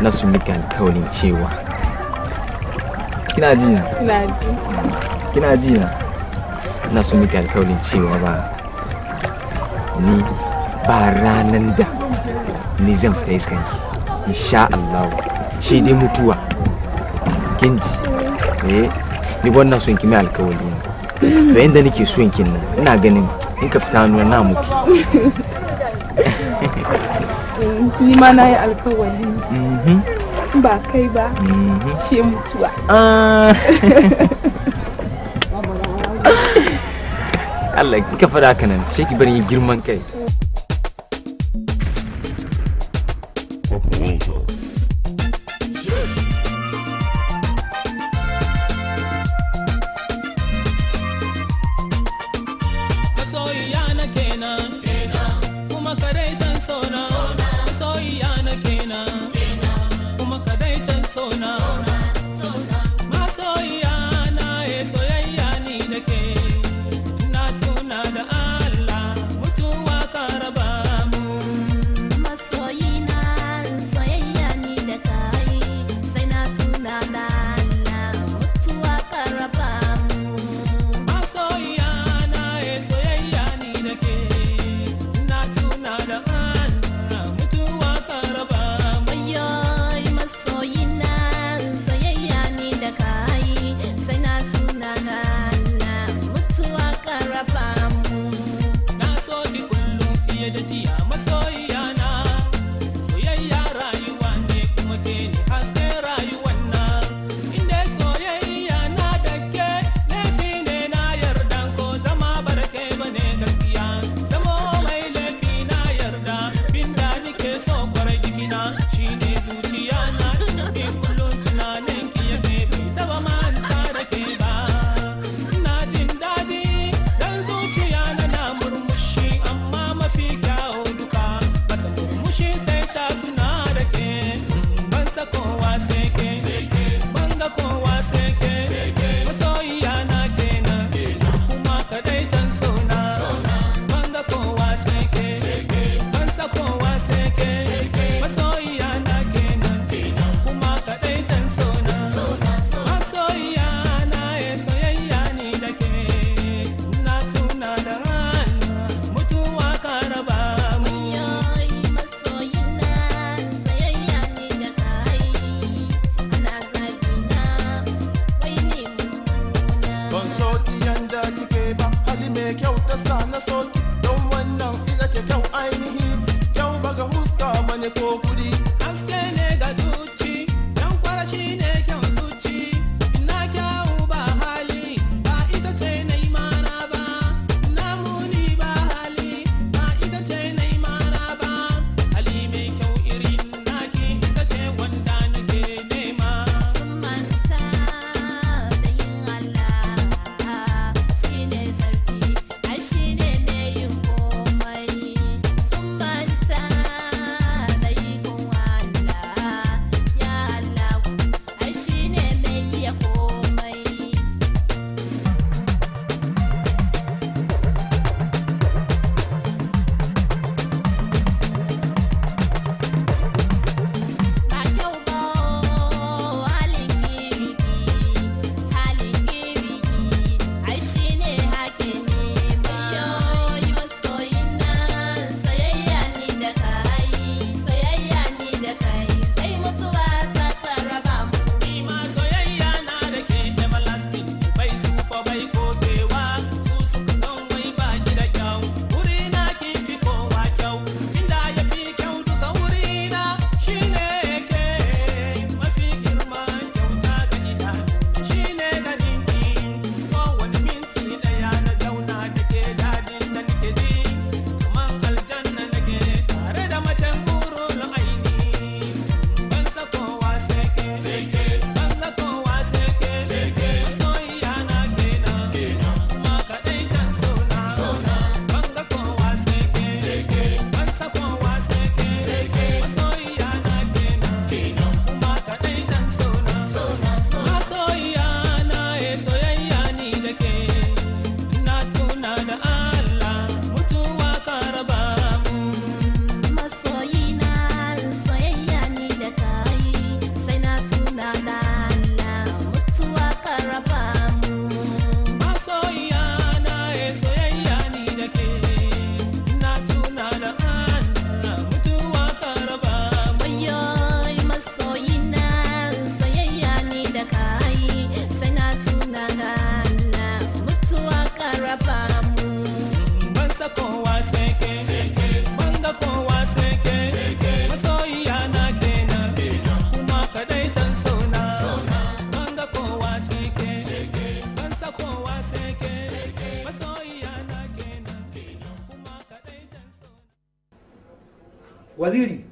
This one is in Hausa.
na su miki alkawarin cewa kina ji na kina ji na na su miki alkawarin cewa ba ni ba ranan da ni zan fita ki insha Allah shi dai mutuwa kinji eh ni wannan son ki mai alkawari ne to nake son kin nan ina ganin in ka fita nuna na mutu ni ma na yi alkawari mhm. ba kai ba mhm. shi mutuwa ah. Allah kafa da haka nan sai bari girman kai plan. so waziri